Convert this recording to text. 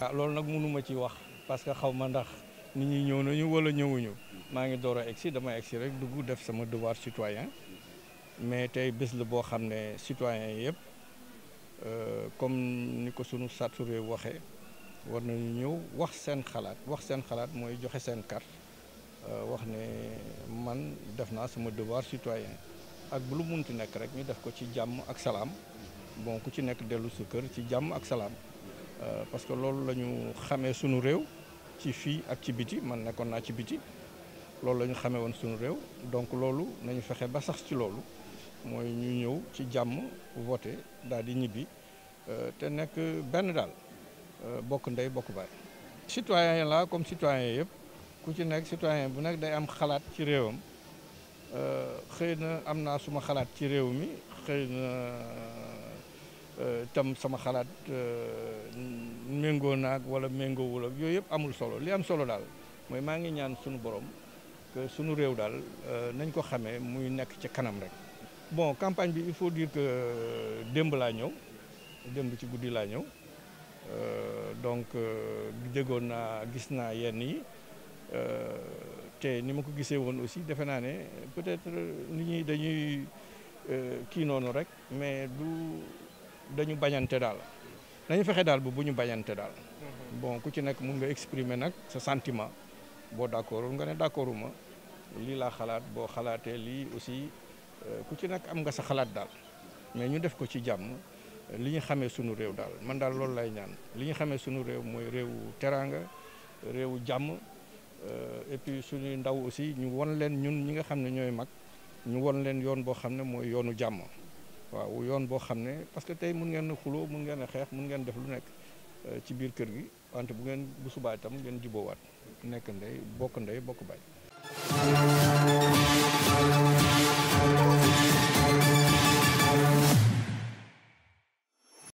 ah loolu nag mënuma ci wax parce que xaw ma ndax ni ñi ñëw nañu wala ñëwuñu maa ngi door a egsi dama egsi rek dugg def sama devoir citoyen mais tey bés la boo xam ne citoyen yëpp euh, comme ni ko sunu sattu réew waxee war nañu ñëw wax seen xalaat wax seen xalaat mooy joxe seen carte euh, wax ne man def naa sama devoir citoyen ak bu lu munti nekk rek ñu def ko ci jàmm ak salaam bon ku ci nekk dellu sa kër ci jàmm ak salaam Euh, parce que loolu lañu xamee sunu réew ci fii ak ci biti man nekkoon naa ci biti loolu lañu xamee woon sunu réew donc loolu nañu fexe ba sax ci loolu mooy ñu ñëw ci jàmm voté daal di ñibbi euh, te nekk benn daal euh, bokk ndey bokk baay. citoyen laa comme citoyen yëpp ku ci nekk citoyen bu nekk day am xalaat ci réewam xëy na am naa suma xalaat ci réew mi xëy na. Euh, tam sama xalaat euh, méngoo naag wala méngoo ak yooyu yëpp amul solo li am solo daal mooy maa ngi ñaan sunu borom que réew daal euh, nañ ko xamee muy nekk ca kanam rek. bon campagne bi il faut dire que démb laa ñëw démb ci guddi laa ñëw donc déggoon naa gis naa yenn yi te ni ma ko gisee woon aussi defe naa ne peut-être nit ñi dañuy kii noonu rek mais du. dañu bañante daal dañu fexe daal bu bu ñu bañante daal bon ku ci nekk mun nga exprimer nag sa santiment boo d'accordul nga ne d'accorduma lii laa xalaat boo xalaatee lii aussi euh, ku ci nekk am nga sa xalaat daal mais ñu def ko ci jàmm li ñu xamee sunu réew daal man daal loolu lay ñaan li ñu xamee sunu réew mooy réewu teraanga réewu jàmm euh, et puis suñuy ndaw aussi ñu won leen ñun ñi nga xam ne ñooy mag ñu won leen yoon boo xam ne mooy yoonu jàmm waaw yoon boo xam ne parce que tey mun ngeen a xuloo mun ngeen a xeex mun ngeen def lu nekk euh, ci biir kër gi wante bu ngeen bu subaa itam ngeen juboowaat nekk ndey bokk ndey bokk baay